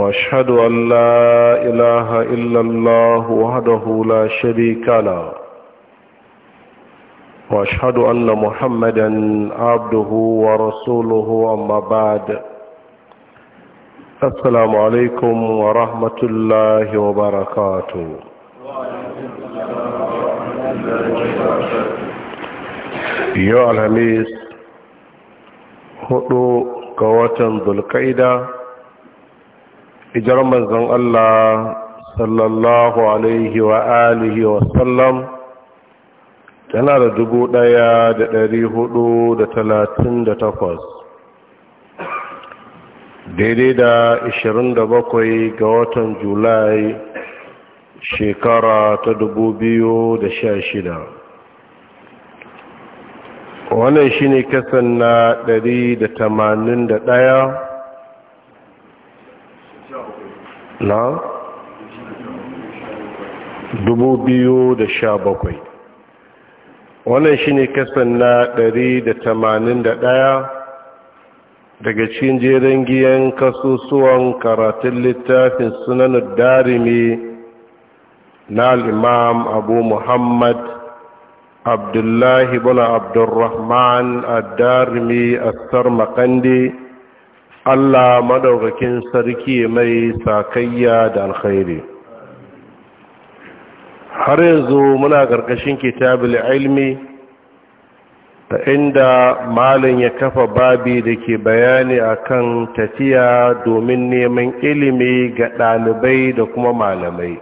واشهد ان لا اله الا الله وحده لا شريك له واشهد ان محمدا عبده ورسوله اما بعد السلام عليكم ورحمه الله وبركاته يا الهميس هدو قواتا ذو القيده ijar manzon Allah sallallahu alaihi wa alihi wa sallam tana da dubu ɗaya da dari hudu da talatin da takwas daidai da ishirin da bakwai ga watan julai shekara ta dubu biyu da sha shida wannan shine kasan na dari da tamanin da ɗaya na 2017 wannan shi ne kasan na 181 daga cikin jerin giyan kasusuwan karatun littafin sunanar darimi na al'imam abu muhammad abdullahi bin abdurrahman ad-darimi a makandi Allah madaukakin sarki mai sakayya da alkhairi har yanzu muna ƙarƙashin kitabul ilmi ta inda malin ya kafa babi da ke bayani akan tafiya domin neman ilimi ga ɗalibai da kuma malamai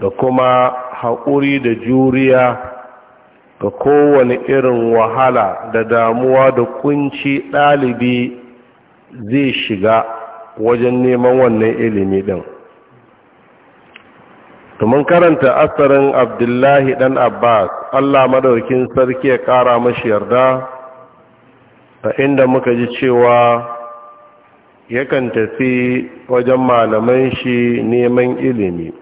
da kuma haƙuri da juriya ga kowane irin wahala da damuwa da kunci ɗalibi zai shiga wajen neman wannan ilimi ɗin tumin karanta asarin abdullahi ɗan abbas allah madaukin sarki ya ƙara mashi yarda a inda muka ji cewa yakan tafi wajen malaman shi neman ilimi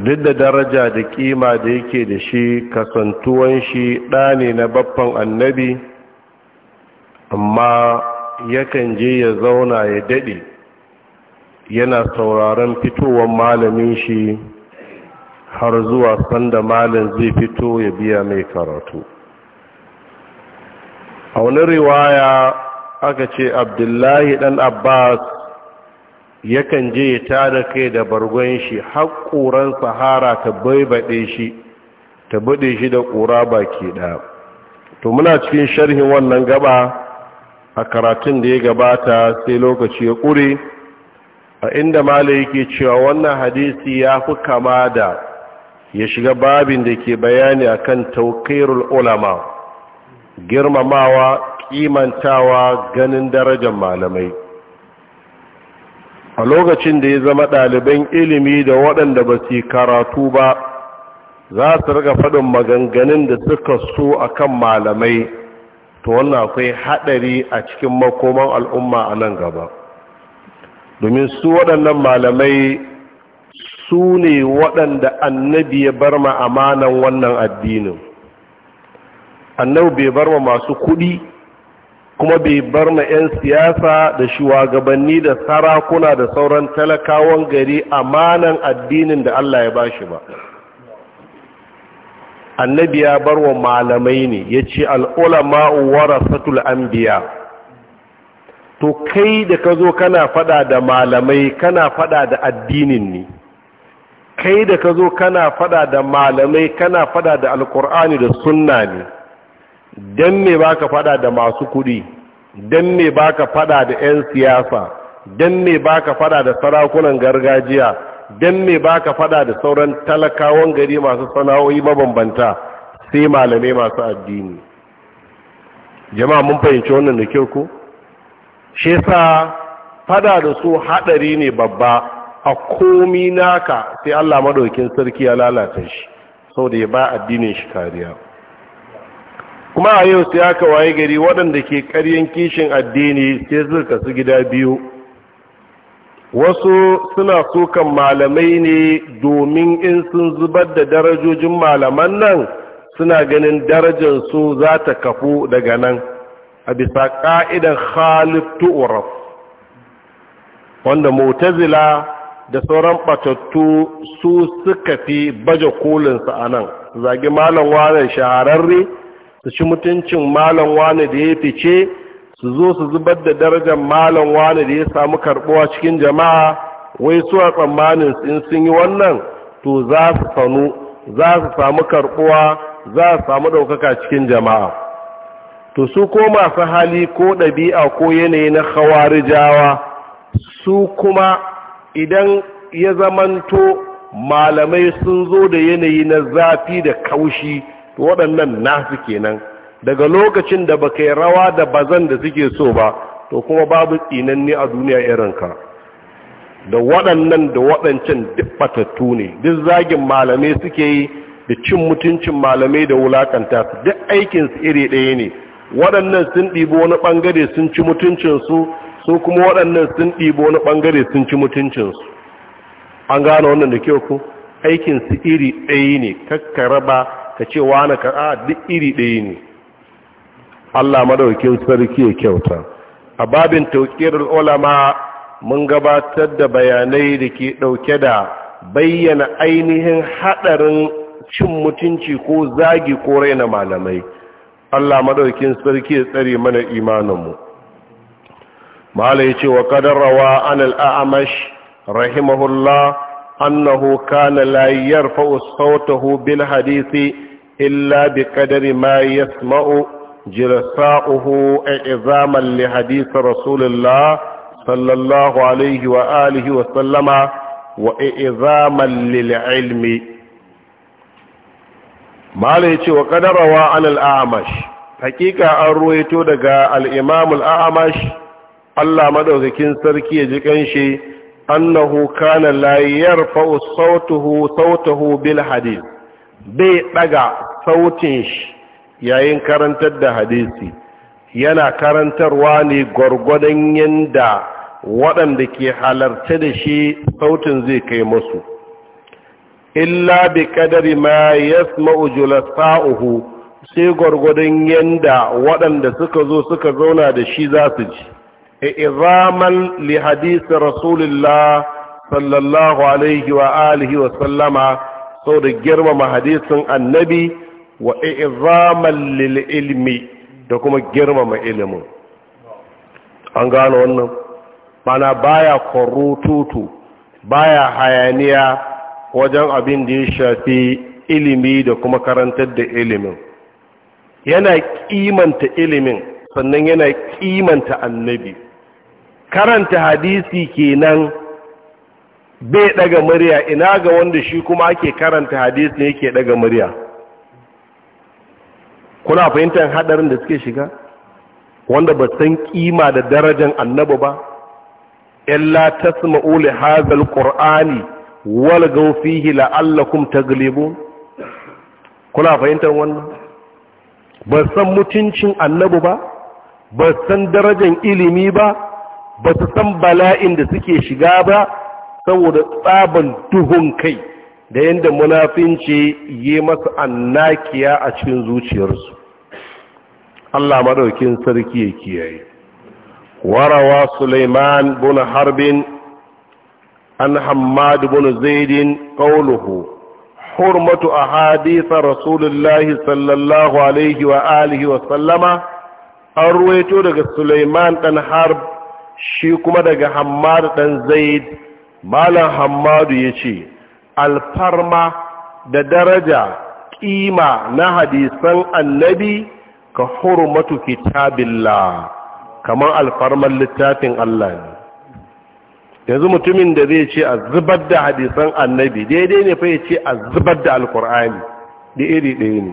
duk da daraja da kima da yake da shi kasantuwan shi ɗa ne na babban annabi amma yakan je ya zauna ya daɗe yana sauraron fitowar malamin shi har zuwa sanda malin zai fito ya biya mai karatu a wani riwaya aka ce abdullahi ɗan abbas yakan je ya tada kai da bargon shi har ƙuran sahara ta baibaɗe shi ta buɗe shi da ƙura baki ɗaya to muna cikin sharhin wannan gaba a karatun da ya gabata sai lokaci ya ƙure a inda mala yake cewa wannan hadisi ya fi kama da ya shiga babin da ke bayani a kan taukairul ulama girmamawa kimantawa ganin darajar malamai a lokacin da ya zama ɗaliban ilimi da waɗanda ba su karatu ba za su riga faɗin maganganun da suka so a kan malamai to wannan akwai haɗari a cikin makoman al'umma a nan gaba domin su waɗannan malamai su ne waɗanda annabi ya bar ma amanan wannan addinin annabi bai bar ma masu kuɗi kuma bai bar ma 'yan siyasa da shugabanni da sarakuna da sauran talakawan gari amanan addinin da Allah ya ba shi ba annabi ya bar wa malamai ne ya ce al'ulama'u warasatul anbiya to kai da ka zo kana fada da malamai kana fada da addinin ne kai da ka zo kana fada da malamai kana fada da alkur'ani da sunna ne don me ba ka fada da masu kudi don me ba ka fada da 'yan siyasa don me ba ka fada da sarakunan gargajiya don me ba ka fada da sauran talakawan gari masu sana'o'i mabambanta sai malamai masu addini jama'a mun fahimci wannan da kyau ko shi sa fada da su hadari ne babba a komi naka sai Allah madaukin sarki ya lalata shi sau da ya ba addinin shi kariya kuma a yau sai aka waye gari waɗanda ke ƙaryen kishin addini sai suka su gida biyu wasu suna sukan malamai ne domin in sun zubar da darajojin malaman nan suna ganin darajar su za ta kafu daga nan a bisa ƙa'idan khalif tu'uraf wanda mutazila da sauran ɓatattu su suka fi baje kolinsa a nan zagi malam wane shahararre su ci mutuncin malam wani da ya fice su zo su zubar da darajar malam wani da ya samu karbuwa cikin jama'a wai su a tsammanin in sun yi wannan to za su sanu za su samu karbuwa za su samu ɗaukaka cikin jama'a to su ko masu hali ko ɗabi'a ko yanayi na hawarijawa su kuma idan ya zamanto malamai sun zo da yanayi na zafi da kaushi to waɗannan nasu kenan daga lokacin da ba yi rawa da bazan da suke so ba to kuma babu tsinanni a duniya irinka da waɗannan da waɗancan duk batattu ne duk zagin malamai suke yi da cin mutuncin malamai da wulakanta su duk aikinsu iri ɗaya ne waɗannan sun ɗibo wani ɓangare sun ci mutuncinsu su kuma waɗannan sun ɗibo wani ɓangare sun ci mutuncinsu an gano wannan da kyau ku aikinsu iri ɗaya ne kakka raba ka ce wani ka a duk iri ɗaya ne Allah madaukin sarki ya kyauta a babin tauƙirar ulama mun gabatar da bayanai da ke ɗauke da bayyana ainihin haɗarin cin mutunci ko zagi ko raina malamai Allah madaukin sarki ya tsare mana imaninmu mala ya ce wa kadarrawa an al'amash rahimahullah annahu kana la yarfa'u sautahu bil hadisi illa bi kadari ma yasma'u jirsa'uhu i'zaman li hadith rasulullah sallallahu alaihi wa alihi sallama wa i'zaman lil ilmi mala yace wa qadarawa an al hakika an ruwaito daga al-imam amash Allah maɗaukakin sarki ya ji kanshi annahu kana la yarfa'u sawtuhu sawtuhu bil bai daga sautin shi yayin karantar da hadisi yana karantarwa ne gwargwadon yadda waɗanda ke halarta da shi sautin zai kai masu illa bi kadari ma yasma'u julasa'uhu sai gwargwadon yanda waɗanda suka zo suka zauna da shi za su ji izaman li hadisi rasulullah sallallahu alaihi wa alihi wa sallama saboda girmama hadisin annabi wa i'zaman lil ilmi da kuma girmama ilimin an gano wannan mana baya kwarututu baya hayaniya wajen abin da ya shafi ilimi da kuma karantar da ilimin yana kimanta ilimin sannan yana kimanta annabi karanta hadisi kenan bai daga murya ina ga wanda shi kuma ake karanta hadisi ne yake daga murya kuna fahimtar hadarin da suke shiga wanda ba san kima da darajar annabi ba illa tasma'u li hadzal qur'ani wal gawfihi la'allakum taglibun kuna fahimtar wannan ba san mutuncin annabi ba ba san darajar ilimi ba ba su san bala'in da suke shiga ba saboda tsaban duhun kai da yadda munafinci yi masa annakiya a cikin zuciyarsu Allah maɗaukin sarki ya kiyaye warawa Suleiman bin Harbin an hamadu bin zaidin ƙauluhu hurmatu a ahadith rasulullahi sallallahu alaihi wa alihi wa sallama an ruwaito daga Suleiman dan Harb shi kuma daga Hammad ɗan Zaid malam hammadu ya ce alfarma da daraja ƙima na hadisan annabi ka hurmatu kitabillah kamar alfarman littafin Allah ne yanzu mutumin da zai ce a zubar da hadisan annabi daidai ne fa ya ce a zubar da alkur'ani da iri ɗaya ne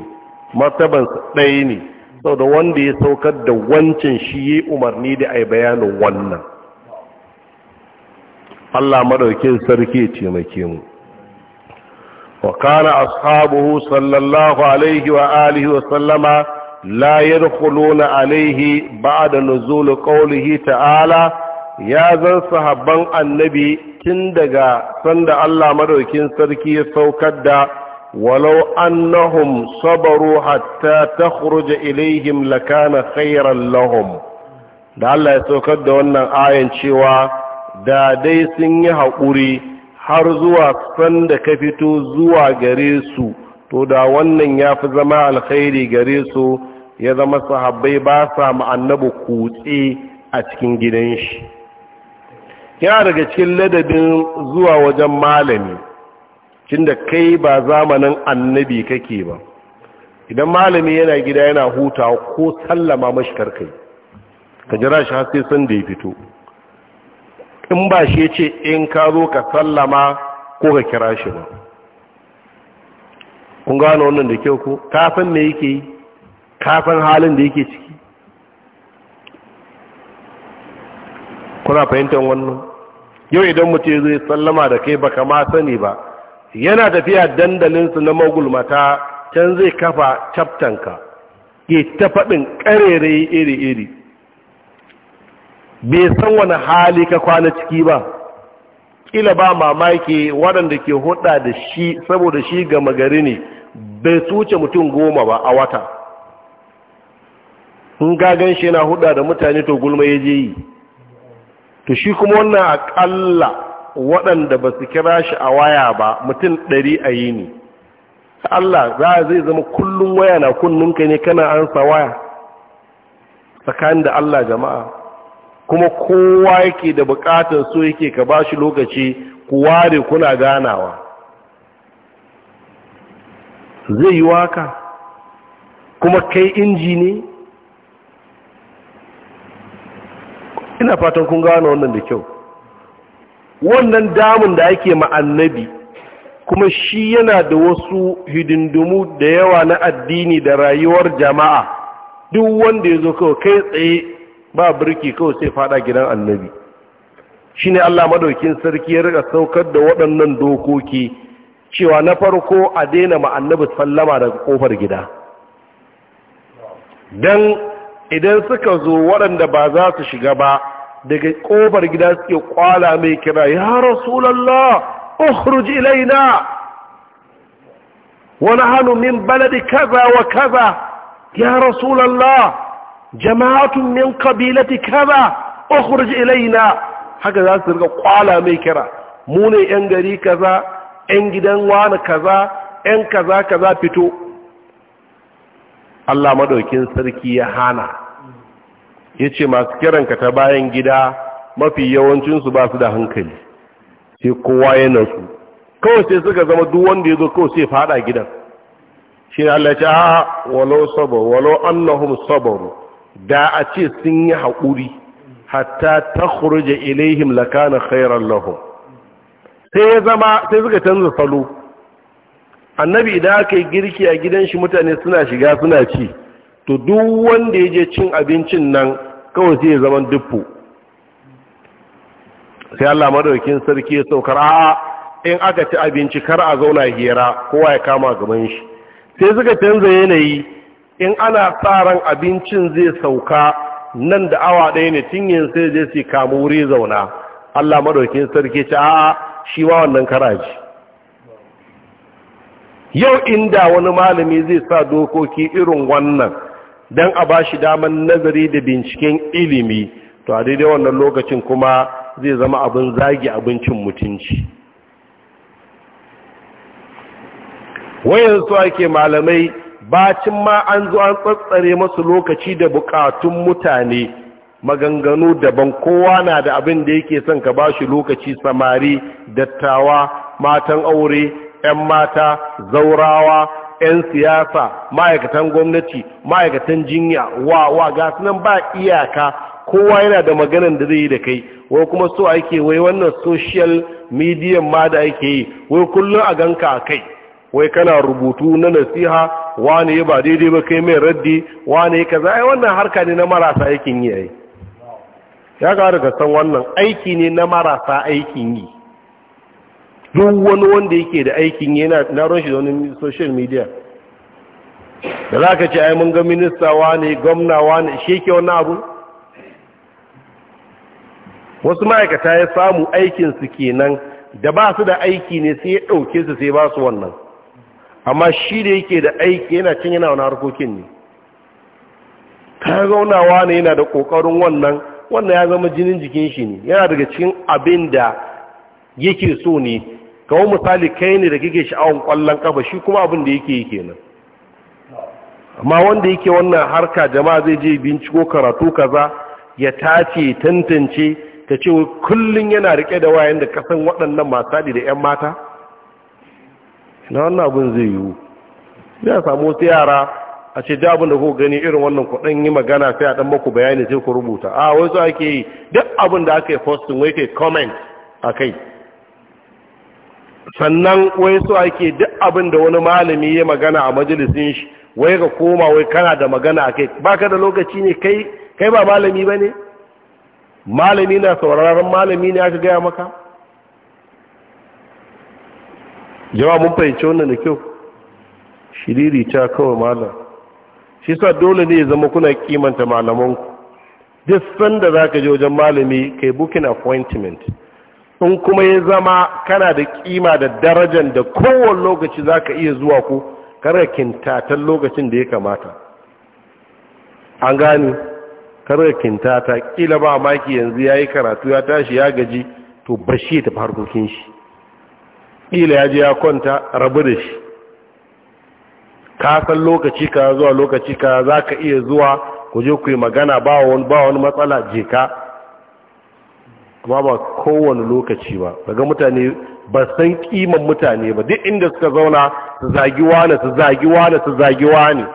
martabansa ɗaya ne sau da wanda ya saukar da wancan shi yi umarni da a bayanin wannan Allah madaukin sarki taimake mu wa kana ashabuhu sallallahu alaihi wa alihi wa sallama la yadkhuluna alaihi ba'da nuzul qawlihi ta'ala ya zan sahabban annabi tun daga sanda Allah madaukin sarki ya saukar da walau annahum sabaru hatta takhruja ilaihim lakana khayran lahum da Allah ya saukar da wannan ayan cewa da dai sun yi haƙuri har zuwa sanda ka fito zuwa gare su to da wannan ya fi zama alkhairi gare su ya zama sahabbai ba sa ma'annabu kutse a cikin gidan shi yana daga cikin ladabin zuwa wajen malami cinda kai ba zamanin annabi kake ba idan malami yana gida yana hutawa ko sallama mashi karkai ka jira shi har sai san da ya fito in ba shi ce in ka zo ka sallama ko ka kira shi ba kun gano wannan da kyau ko kafin me yake yi kafin halin da yake ciki kuna fahimtar wannan yau idan mutum zai sallama da kai baka ma sani ba yana tafiya dandalinsu na magulmata can zai kafa captanka ke ta faɗin ƙarere iri-iri bai san wani hali ka kwana ciki ba kila ba mamaki waɗanda ke hudda da shi saboda shi gama gari ne bai tuce mutum goma ba a wata in gagan shi yana hudda da mutane to gulma ya je yi to shi kuma wannan akalla waɗanda ba su kira shi a waya ba mutum ɗari a yi ne Allah za a zai zama kullum waya na kunnunka ne kana ansa waya tsakanin da Allah jama'a kuma kowa yake da bukatar so yake ka ba shi lokaci ku ware kuna ganawa zai yi waka kuma kai inji ne ina fatan kun gano wannan da kyau wannan damun da ake ma'annabi kuma shi yana da wasu hidindumu da yawa na addini da rayuwar jama'a duk wanda ya zo kai tsaye ba birki kawai sai fada gidan annabi Shi ne Allah madaukin sarki ya rika saukar da waɗannan dokoki cewa na farko a daina ma annabi sallama daga kofar gida dan idan suka zo waɗanda ba za su shiga ba daga ƙofar gida suke kwala mai kira ya rasulallah ukhruj ilaina wa nahnu min baladi kaza wa kaza ya rasulallah jama'atun min qabilati kaza ukhruj ilaina haka za su riga kwala mai kira mu ne yan gari kaza yan gidan wani kaza yan kaza kaza fito Allah madaukin sarki ya hana yace masu kiranka ta bayan gida mafi yawancinsu ba su da hankali sai kowa ya nasu kawai sai suka zama duk wanda ya zo kawai sai fada gidan shi ne Allah ya ce a walau sabar walau annahum sabaru da a ce sun yi haƙuri hatta ta kurje ilaihim lakana khairar lahum sai ya zama sai suka canza salo annabi idan aka yi girki a gidan shi mutane suna shiga suna ci to duk wanda ya je cin abincin nan kawai sai ya zama duffu sai Allah madaukin sarki ya saukar a in aka ci abinci kar a zauna hira kowa ya kama gaban shi sai suka canza yanayi in ana tsaran abincin zai sauka nan da awa ɗaya ne tun yin sai zai su kamu wuri zauna allah maɗaukin sarki ce a shi wa wannan karaji yau inda wani malami zai sa dokoki irin wannan don a ba shi damar nazari da binciken ilimi to a daidai wannan lokacin kuma zai zama abin zagi abincin mutunci wayansu ake malamai bacin ma an zo an tsatsare masu lokaci da bukatun mutane maganganu daban kowa na da abin da yake son ka ba shi lokaci samari dattawa matan aure 'yan mata zaurawa 'yan siyasa ma'aikatan gwamnati ma'aikatan jinya wa wa ga sunan ba iyaka kowa yana da maganan da zai yi da kai wai kuma so ake wai wannan social media ma da ake yi wai kullum a ganka a kai wai kana rubutu na nasiha wane ya ba daidai ba kai mai raddi wane ya kaza yi wannan harka ne na marasa aikin yi yi. ya ga daga san wannan aiki ne na marasa aikin yi duk wani wanda yake da aikin yi na ran da wani social media da za ka ce yi mun ga minista wane gwamna wane shi wani abu wasu ma'aikata ya samu aikinsu kenan da ba su da aiki ne sai ya ɗauke su sai ba su wannan amma shi da yake da aiki yana cin yana wani harkokin ne ka zaunawa ne yana da ƙoƙarin wannan wannan ya zama jinin jikin shi ne yana daga cikin abin da yake so ne kawo misali kai ne da kake sha'awar ƙwallon kafa shi kuma abin da yake yi kenan amma wanda yake wannan harka jama'a zai je binciko karatu kaza ya tace tantance ta ce kullum yana rike da wayan da kasan waɗannan masu da 'yan mata na wannan abin zai yiwu sai samu wasu yara a ce da kuka gani irin wannan kuɗin yi magana sai a ɗan maku bayani sai ku rubuta a wai su ake yi duk abin da aka yi postin wai ke comment a kai sannan wai su ake duk abin da wani malami ya magana a majalisin shi wai ka koma wai kana da magana a kai ba ka da lokaci ne kai ba malami ba ne malami na sauraron malami ne aka gaya maka jama mun fahimci wannan da kyau shiriri ta kawai malam shi sa dole ne ya zama kuna kimanta malamanku duk sanda za ka je wajen malami kai booking appointment in kuma ya zama kana da kima da darajar da kowane lokaci za ka iya zuwa ku karakin tatan lokacin da ya kamata an gani karakin tata kila ba maki yanzu ya yi karatu ya tashi ya gaji to bashi ya tafi harkokin shi ƙila ya ya kwanta rabu da shi ka san lokaci ka zuwa lokaci ka za ka iya zuwa ku je ku yi magana ba wani matsala je ka kuma ba kowane lokaci ba daga mutane ba san kiman mutane ba duk inda suka zauna su zagi wane su zagi wane su zagi wane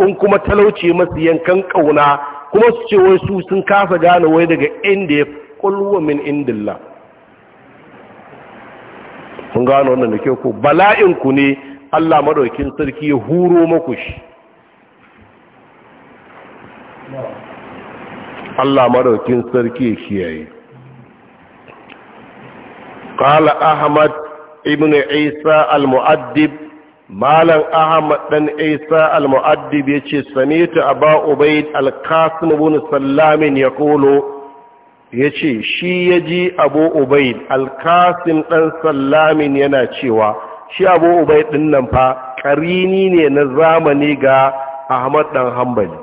in kuma talauce masu yankan ƙauna kuma su ce wai su sun kasa gane wai daga inda ya kulwa min indillah sun gano wannan da kyau ko bala'in ku ne Allah madaukin sarki ya huro muku shi Allah madaukin sarki ya kiyaye qala ahmad ibn isa al-mu'addib malam ahmad dan isa al-mu'addib yace sami'tu aba ubayd al-qasim ibn sallam yaqulu ya ce shi ya ji abu ubaid alkasin ɗan sallamin yana cewa shi abu ubaid ɗin nan fa ƙarini ne na zamani ga ahmad ɗan hambali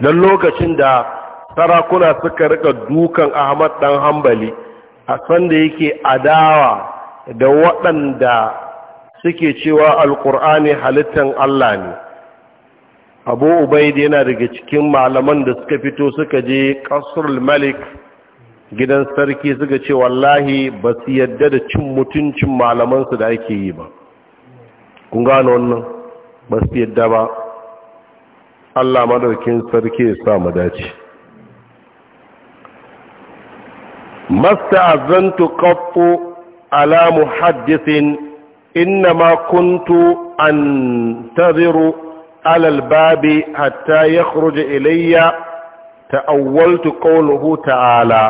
don lokacin da sarakuna suka rika dukan ahmad ɗan hambali a sanda yake adawa da waɗanda suke cewa alƙur'ani halittan allah ne abu ubaid yana daga cikin malaman da suka fito suka je kasrul malik gidan sarki suka ce wallahi ba su yadda da cin mutuncin malamansu da ake yi ba kun gano wannan ba su yadda ba allah madaukin sarki ya sa mu dace masta azantu qattu ala muhaddisin inna ma kuntu antaziru alal babi hatta ya ilayya ta ta'awwaltu qawluhu ta'ala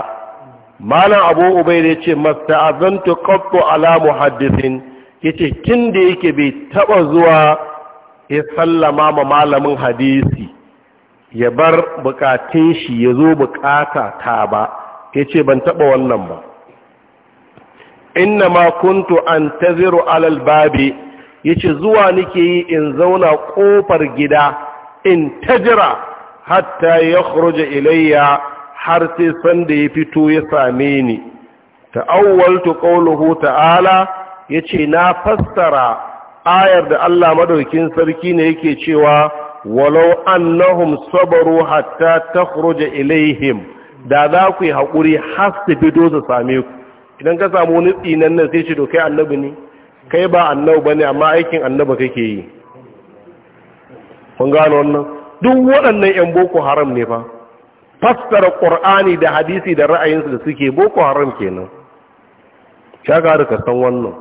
malam abu ubaida yace masta'azantu qattu ala muhaddithin yace tunda yake bai taɓa zuwa ya sallama ma malamin hadisi ya bar bukatun shi ya zo bukata ta ba yace ban taba wannan ba inna ma kuntu antaziru alal babi yace zuwa nake yi in zauna kofar gida in tajira hatta yakhruja ilayya har sai sanda ya fito ya same ni ta'awwaltu qawluhu ta'ala yace na fassara ayar da Allah madaukin sarki ne yake cewa walau annahum sabaru hatta takhruja ilaihim da za ku yi haƙuri har su fito su same ku idan ka samu nutsi nan nan sai ce to kai annabi ne kai ba annabu ba ne, amma aikin annaba kake yi kun gano wannan duk waɗannan yan boko haram ne fa fassara qur'ani da hadisi da ra'ayinsu da suke boko haram kenan shaka da kasan wannan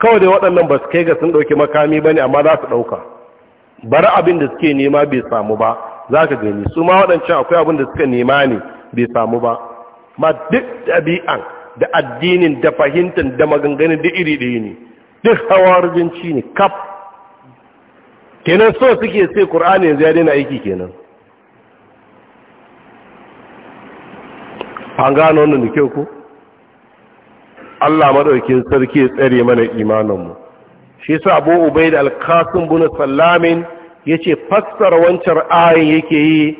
kawai da waɗannan ba su kai ga sun ɗauki makami bane amma za su ɗauka Bari abin da suke nema bai samu ba za ka gani su ma waɗancan akwai abin da suka nema ne bai samu ba ma duk ɗabi'an da addinin da fahimtar da maganganun da iri ɗaya ne duk hawarjinci ne kaf kenan so suke sai ƙur'ani yanzu ya daina aiki kenan an gano wannan ko Allah madaukin sarki ya tsare mana imaninmu shi yasa Abu Ubaid al-Qasim bin Sallamin yace fassara wancan ayin yake yi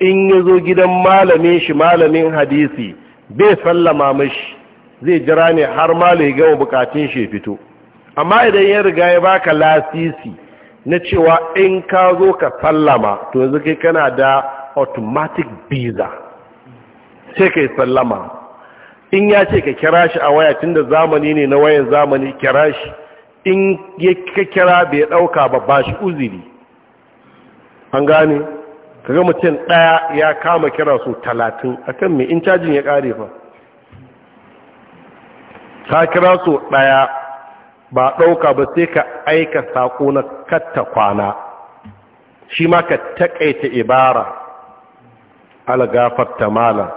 in yazo gidan malamin shi malamin hadisi bai sallama mashi zai jira ne har ma ya gama bukatun shi fito amma idan ya riga ya baka lasisi na cewa in ka zo ka sallama to yanzu kai kana da automatic visa sai kai sallama in ya ce ka kira shi a waya tunda zamani ne na wayan zamani kira shi in ya kira bai dauka ba ba shi uziri an gane kaga mutum ɗaya ya kama kira su talatin a kan mai in cajin ya ƙare fa ka kira su ɗaya ba ɗauka ba sai ka aika saƙo na katta kwana shi ma ka taƙaita ibara algafarta malam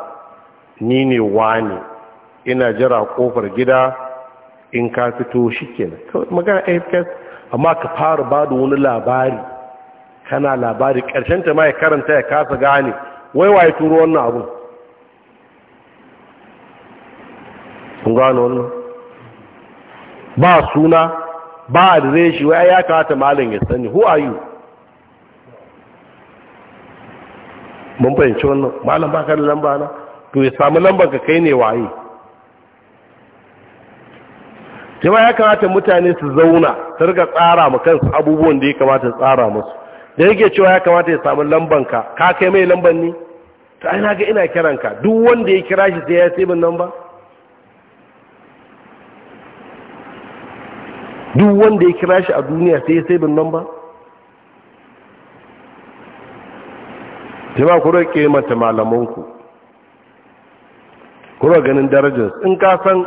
ni ne wani ina jira ƙofar gida in ka fito shi ke kenan magana amma ka fara ba da wani labari kana labari ƙarshen ta ma ya karanta ya kasa gane wai waye turo wannan abu kun gano wannan ba suna ba adireshi wai ya kawata malin ya sani who are you mun fahimci wannan malam ba ka da lamba na to ya samu lambar ka kai ne waye jama'a ya kamata mutane su zauna su riga tsara ma kansu abubuwan da ya kamata tsara musu da yake cewa ya kamata ya samu lamban ka ka kai mai lamban ni ta ina ga ina kiran ka duk wanda ya kira shi sai ya sai min lamba duk wanda ya kira shi a duniya sai ya sai min lamba jama'a ku roƙe mata malamanku ku roƙe ganin darajar in ka san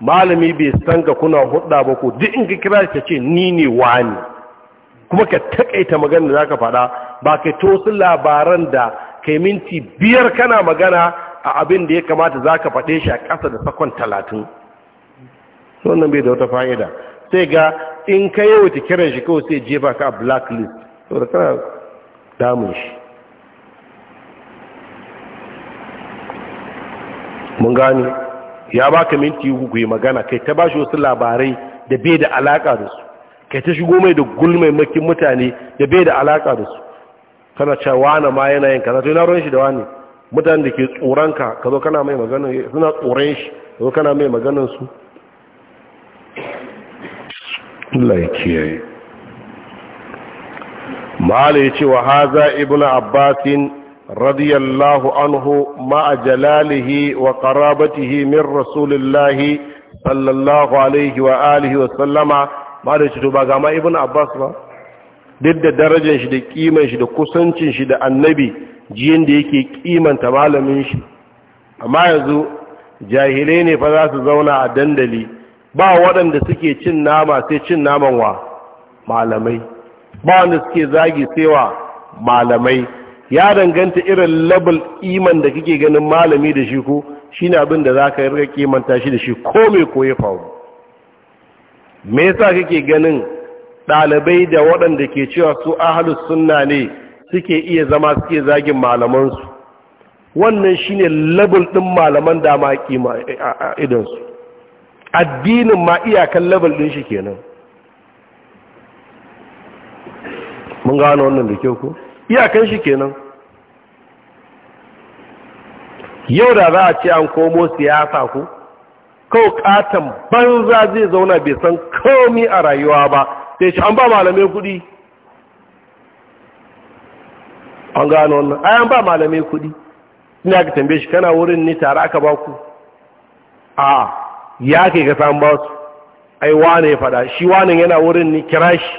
malami bai san ka kuna hudda ba ku duk in ka kira shi ka ce ni ne wani kuma ka takaita magana da zaka faɗa ba kai tosi labaran da kai minti biyar kana magana a abin da ya kamata zaka faɗe shi a kasa da sakon talatin wannan bai da wata fa'ida sai ga in ka yi wata kiran shi kawai sai jefa ka a blacklist da kana damun shi mun gani ya baka minti uku ku yi magana kai ta ba shi wasu labarai da bai da alaka da su kai ta shigo mai da gulmaimakin mutane da bai da alaka da su kana cewa na ma yana yin kaza to ina ruwan shi da wani mutane da ke tsoronka ka zo kana mai maganin suna tsoron shi ka zo kana mai maganin su Allah ya yi mala ya ce wa haza ibnu abbasin radiyallahu anhu ma'a jalalihi wa qarabatihi min rasulillahi sallallahu alaihi wa alihi wa sallama ba da ba ga ma ibn abbas ba duk da darajar shi da kiman shi da kusancin shi da annabi jiyan da yake kimanta malamin shi amma yanzu jahilai ne fa za su zauna a dandali ba waɗanda suke cin nama sai cin naman wa malamai ba wanda suke zagi sai wa malamai ya danganta irin label iman da kike ganin malami da shi ko shine abin da zaka rika kimanta shi da shi ko mai koyi faru me yasa kake ganin ɗalibai da waɗanda ke cewa su ahalus sunna ne suke iya zama suke zagin malamansu wannan shine labul ɗin malaman da ma kima eh, a idansu addinin ma iyakan labul ɗin shi kenan mun gano wannan da kyau ko iyakan shi kenan yau da za a ce an komo siyasa ko kawo katon banza zai zauna bai san komi a rayuwa ba sai ce an ba malamai kuɗi an gano wannan ai an ba malamai kuɗi ina ka tambaye shi kana wurin ne tare aka ba ku a ya ke ka san ba su ai wane ya faɗa shi wanin yana wurin ne kira shi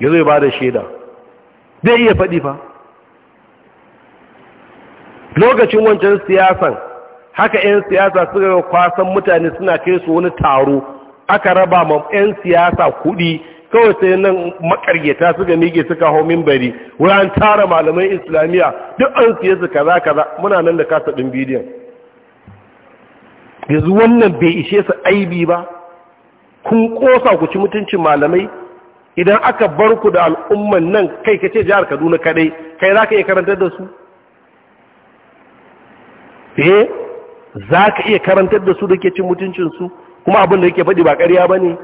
ya zai ba da shaida zai iya faɗi fa lokacin wancan siyasan haka 'yan siyasa suka kwasan mutane suna kai su wani taro aka raba ma 'yan siyasa kuɗi kawai sai nan makaryata suka mike suka hau mimbari wurin tara malamai islamiyya duk an siya su kaza kaza muna nan da kasa ɗin bidiyon yanzu wannan bai ishe su aibi ba kun ƙosa ku ci mutuncin malamai idan aka bar ku da al'umman nan kai ka ce jihar kaduna kadai kai za ka iya karantar da su eh za ka iya karantar da su da ke cin mutuncinsu kuma abin da yake faɗi ba ƙarya ba ne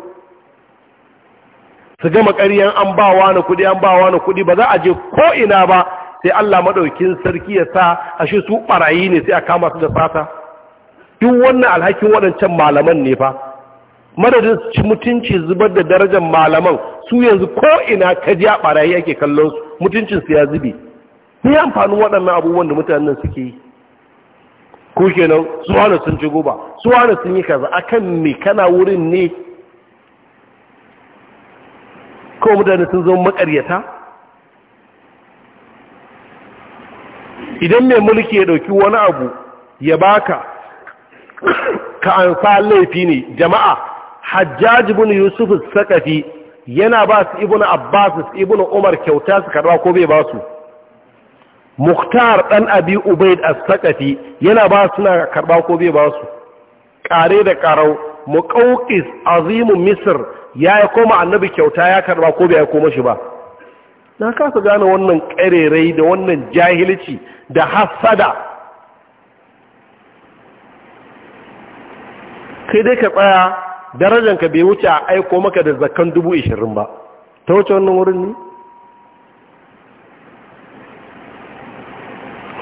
su gama ƙaryan an ba wani kuɗi an ba wani kuɗi ba za a je ko'ina ba sai allah maɗaukin sarki ya sa a shi su ɓarayi ne sai a kama su da fata duk wannan alhakin waɗancan malaman ne fa madadin su ci mutunci zubar da darajar malaman su yanzu ko'ina ka ji a ɓarayi ake kallon su mutuncinsu ya zube ni amfanin waɗannan abubuwan da mutanen suke yi ko kenan su wani sun ci guba su wani sun yi kaza akan me kana wurin ne ko mutane sun zama makaryata idan mai mulki ya dauki wani abu ya baka ka an sa laifi ne jama'a Hajjaji bin yusuf sakafi yana ba su ibn abbas ibn umar kyauta su karba ko bai ba su muktar ɗan abi ubaid da sakafi yana ba suna karɓa ko bai ba su ƙare da ƙarau muƙauƙis azimu misir ya yi koma annabi kyauta ya karɓa ko bai ya koma shi ba na kasa gane wannan ƙarerai da wannan jahilci da hasada kai dai ka tsaya darajanka bai wuce a aiko maka da zakan dubu ishirin ba ta wuce wannan wurin ne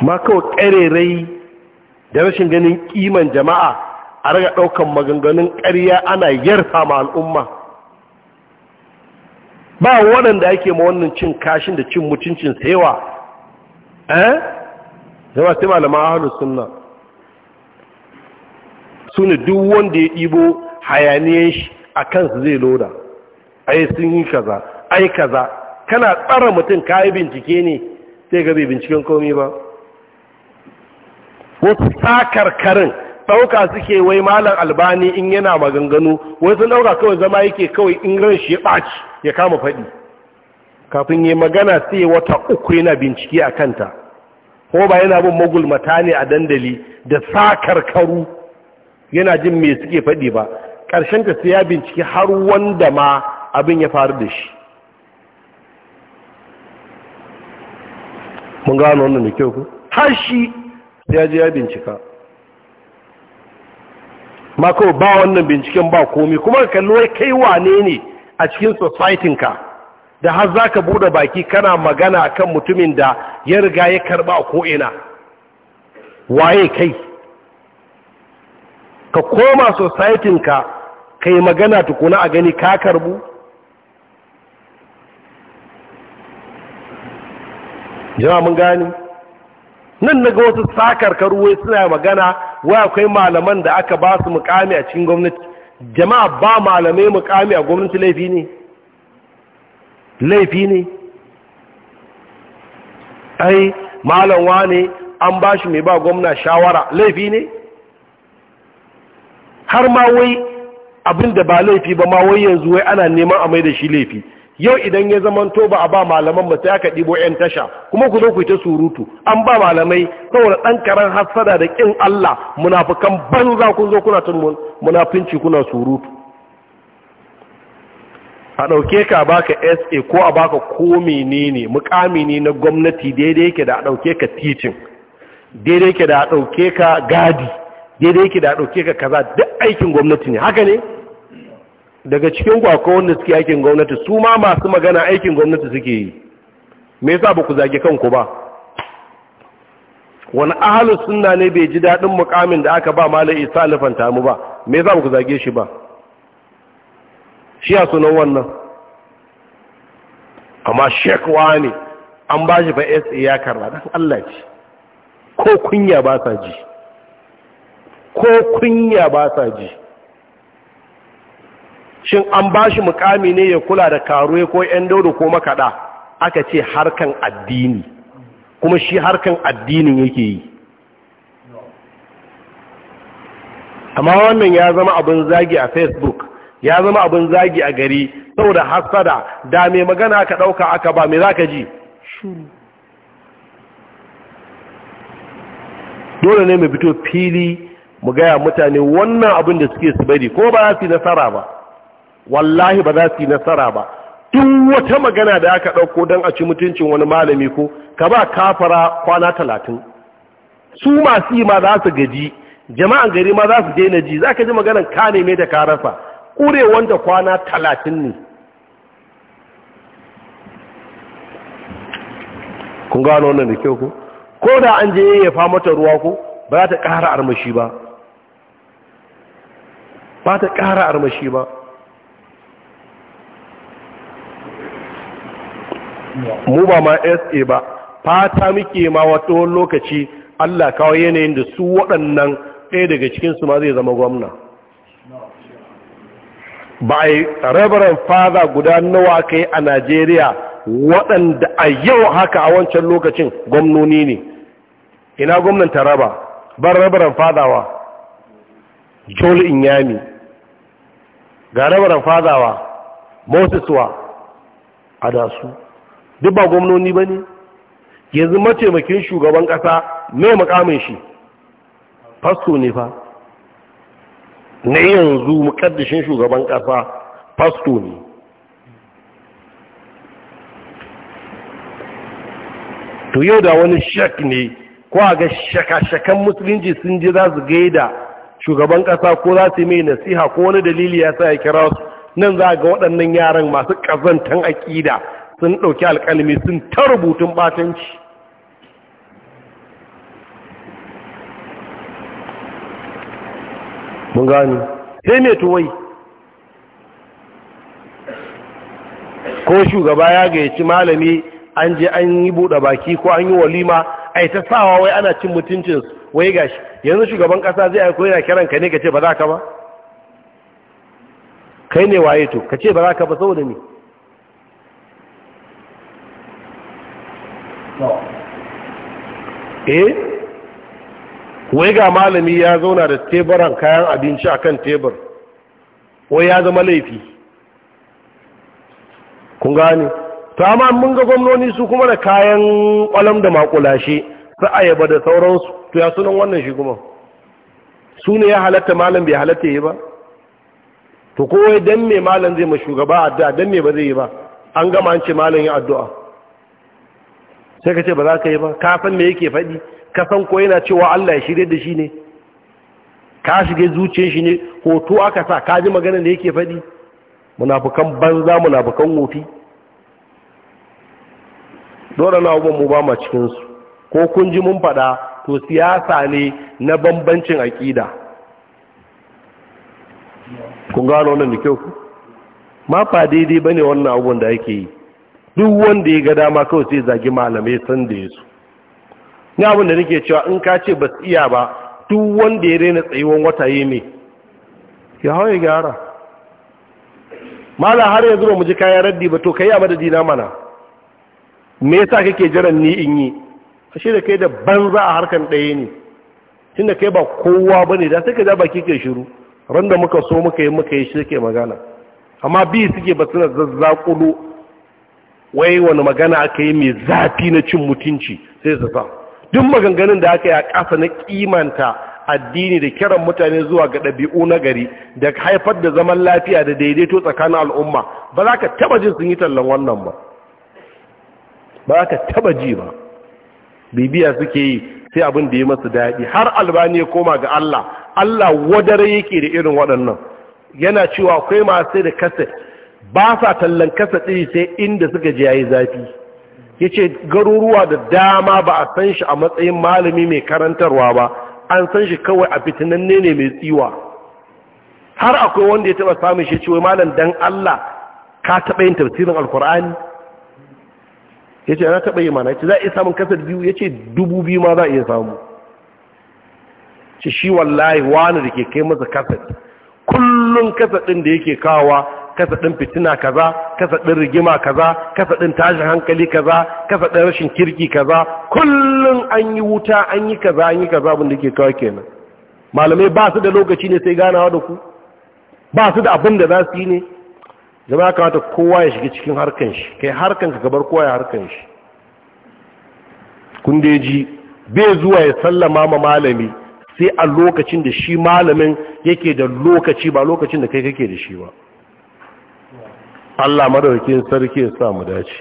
ma kawai ƙarerai da rashin ganin ƙiman jama'a a raga ɗaukan maganganun ƙarya ana yarfa ma al'umma ba waɗanda ake ma wannan cin kashin da cin mutuncin saiwa eh zama sai malaman ahlus sunna su ne duk wanda ya ɗibo hayaniyan shi a kansu zai loda ai sun yi kaza ai kaza kana tsara mutum kayi bincike ne sai ga bai binciken komi ba wasu karin ɗauka suke wai malam albani in yana maganganu wai sun ɗauka kawai zama yake kawai in ran shi ya ɓaci ya kama faɗi kafin yi magana sai wata uku yana bincike a kanta ko ba yana bin magulmata ne a dandali da sakarkaru yana jin mai suke faɗi ba ƙarshen ka sai ya bincike har wanda ma abin ya faru da shi mun gano wannan da kyau ku har shi sai ya je ya bincika ma kawai ba wannan binciken ba komi kuma ka kalli kai wane ne a cikin societin ka da har za ka buɗe baki kana magana kan mutumin da ya riga ya karba a ko'ina waye kai ka koma societin ka ka magana tukuna a gani ka karbu jama mun gani nan na ga wasu sakarkaru wai suna magana wai akwai malaman da aka ba su mukami a cikin gwamnati jama'a ba malamai mukami a gwamnati laifi ne laifi ne ai malam wane an ba shi mai ba gwamna shawara laifi ne har ma wai abin da ba laifi ba ma wai yanzu wai ana neman a mai da shi laifi yau idan ya zamanto ba a ba malaman ba sai aka ɗibo 'yan tasha kuma ku zo ku ta surutu an ba malamai saboda ɗan karen hassada da ƙin Allah munafukan banza kun zo kuna tun munafinci kuna surutu a ɗauke ka baka SA ko a baka ko menene mukami ne na gwamnati daidai yake da a ɗauke ka titin daidai yake da a ɗauke ka gadi daidai yake da a ɗauke ka kaza duk aikin gwamnati ne haka ne daga cikin kwakwa wanda suke aikin gwamnati su ma masu magana aikin gwamnati suke yi me yasa ba ku zage kanku ba wani ahalus suna ne bai ji daɗin mukamin da aka ba malam isa alifanta mu ba me yasa ba ku zage shi ba shi a sunan wannan amma shekwa ne an ba shi ba sa ya karba don allah ce ko kunya ba sa ji ko kunya ba sa ji shin an ba shi mukami ne ya kula da karuwa ko 'yan daudu ko makaɗa aka ce harkan addini kuma shi harkan addinin yake yi amma wannan ya zama abin zagi a facebook ya zama abin zagi a gari sau da hasada da mai magana aka ɗauka aka ba mai za ka ji dole ne mai fito fili mu gaya mutane wannan abin da suke su bari ko ba ya su nasara ba wallahi ba za su yi nasara ba duk wata magana da aka ɗauko don a ci mutuncin wani malami ko ka ba kafara kwana talatin su masu yi ma za su gaji jama'an gari ma za su daina ji za ka ji maganar ka neme da ka rasa ƙure wanda kwana talatin ne kun gano wannan da kyau ko ko da an je fa mata ruwa ko ba za ta ƙara armashi ba ba ta ƙara armashi ba mu ba ma sa ba fata muke ma wato lokaci allah kawo yanayin da su waɗannan ɗaya daga cikinsu ma zai zama gwamna ba a yi reverend father guda nawa ka a najeriya waɗanda a yau haka a wancan lokacin gwamnoni ne ina gwamnan taraba ban father fadawa joel inyami ga father fadawa moses wa a duk ba gwamnoni ba ne yanzu mataimakin shugaban ƙasa mai makamin shi fasto ne fa na yanzu mukaddishin shugaban ƙasa fasto ne to yau da wani shak ne ko a ga shaka-shakan musulunci sun ji za su gaida shugaban ƙasa ko za su mai nasiha ko wani dalili ya sa ya kira su nan za ga waɗannan yaran masu ƙazantan aƙida sun ɗauki alƙalmi sun ta rubutun ɓatanci mun gani sai mai tuwai ko shugaba ya gayyaci malami an je an yi buɗe baki ko an yi walima ai ta sawa wai ana cin mutuncin wai gashi yanzu shugaban ƙasa zai aiko yana kiran ka ne ka ce ba za ka ba kai ne waye to ka ce ba za ka ba saboda ne eh wai ga malami ya zauna da teburan kayan abinci a kan tebur wai ya zama laifi kun gane to amma mun ga gwamnoni su kuma da kayan kwalam da makulashe su ayaba da sauransu to ya sunan wannan shi kuma su ne ya halatta malam bai halatta yi ba to kowai dan me malam zai ma shugaba addu'a dan me ba zai yi ba an gama an ce malam ya addu'a sai ka ce ba za ka yi ba ka san me yake faɗi ka san ko yana cewa Allah ya shirye da shi ne ka shige zuciyar shi ne hoto aka sa ka ji magana da yake faɗi munafukan banza munafukan wofi dole na abubuwan mu ba ma cikinsu ko kun ji mun faɗa to siyasa ne na bambancin aƙida kun gano wannan da kyau ma fa daidai bane wannan abubuwan da ake yi duk wanda ya ga dama kawai sai zagi malamai san da yasu ni abin da nake cewa in ka ce ba su iya ba duk wanda ya rena tsayuwan wata yi ne ya hau ya gyara mala har yanzu ba mu ji kayan raddi ba to kai a na mana me yasa kake jiran ni in yi ashe da kai da banza a harkan ɗaya ne tun da kai ba kowa ba ne da sai ka ja baki ke shiru Randa muka so muka yi muka yi shi ke magana amma bi suke ba suna zazzakulo wai wani magana aka yi mai zafi na cin mutunci sai su duk maganganun da aka yi a ƙasa na ƙimanta addini da kiran mutane zuwa ga ɗabi'u na gari da haifar da zaman lafiya da daidaito tsakanin al'umma ba za ka taba jin sun yi tallan wannan ba ba za ka taba ji ba bibiya suke yi sai abin da ya masu daɗi har albani ya koma ga Allah Allah wadare yake da irin waɗannan yana cewa akwai masu sai da kaset ba sa tallan kasa ɗin sai inda suka ji yayi zafi Ya ce garuruwa da dama ba a san shi a matsayin malami mai karantarwa ba an san shi kawai a fitinanne ne mai tsiwa har akwai wanda ya taba samun shi cewa malam dan Allah ka taba yin tafsirin alkur'ani ce na taba yi mana Ya ce za a iya samun kasar biyu Ya ce dubu biyu ma za a iya samu ce shi wallahi wani da ke kai masa kasar kullum kasar ɗin da yake kawa kasa ɗin fitina kaza kasa ɗin rigima kaza kasa ɗin tashin hankali kaza kasa ɗin rashin kirki kaza kullum an yi wuta an yi kaza an yi kaza abin da ke kawo kenan malamai ba su da lokaci ne sai ganawa da ku ba su da abin da za su yi ne zama kamata kowa ya shiga cikin harkan shi kai harkan ka gabar kowa ya harkan shi kun ji bai zuwa ya sallama ma malami sai a lokacin da shi malamin yake da lokaci ba lokacin da kai kake da shi ba Allah madaukakin sarki ya sa mu dace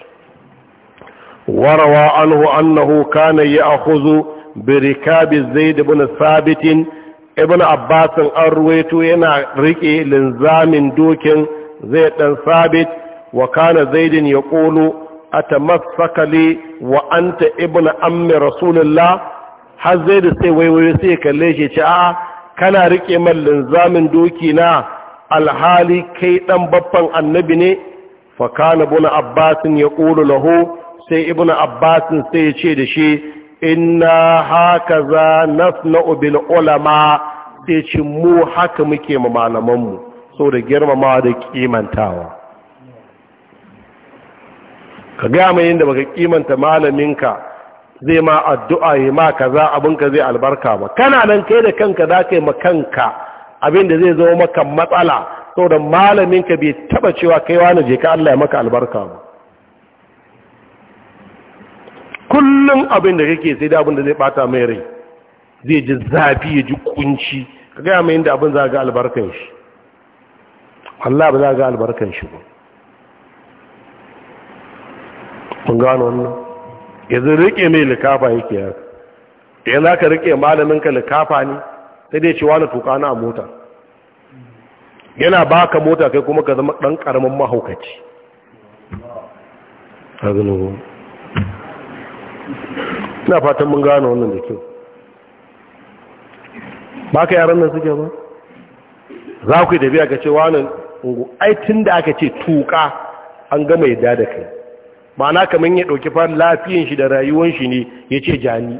warawa anhu annahu kana ya'khudhu bi rikabi zaid ibn sabit ibn abbas an yana rike linzamin dokin zaid dan sabit wa kana zaid yaqulu atamassaka li wa anta ibn ammi rasulillah har da sai waiwaye sai kalle shi ce a kana rike man linzamin doki na alhali kai ɗan babban annabi ne fakana buna abbasin ya ƙulu lahu, sai ibn abbas sai ya ce da shi inna haka za nasna'u bil ulama sai ce mu haka muke ma malamanmu sau da girmamawa da kimantawa ka ga mai inda baka kimanta malaminka zai ma addu'a yi ma kaza abinka zai albarka ba kana nan kai da kanka za ka ma kanka abin da zai zama maka matsala sau malamin ka bai taba cewa kai wani je ka Allah ya maka albarka ba kullum abin da kake sai da abin da zai bata mai rai zai ji zafi ya ji kunci ka gaya mai inda abin za ga albarkan shi Allah ba za ga albarkan shi ba kun gano wannan yanzu rike mai likafa yake ya yanzu aka rike malamin ka likafa ne sai dai ce wani tuka na mota yana baka mota kai kuma ka zama ɗan ƙaramin mahaukaci ina fatan mun gano wannan da kyau ba ka yaran nan suke ba za ku yi tafiya ka ce wani ungu ai tun da aka ce tuka an gama yadda da kai ma'ana kamar ya ɗauki fa lafiyan shi da rayuwan shi ne ya ce jani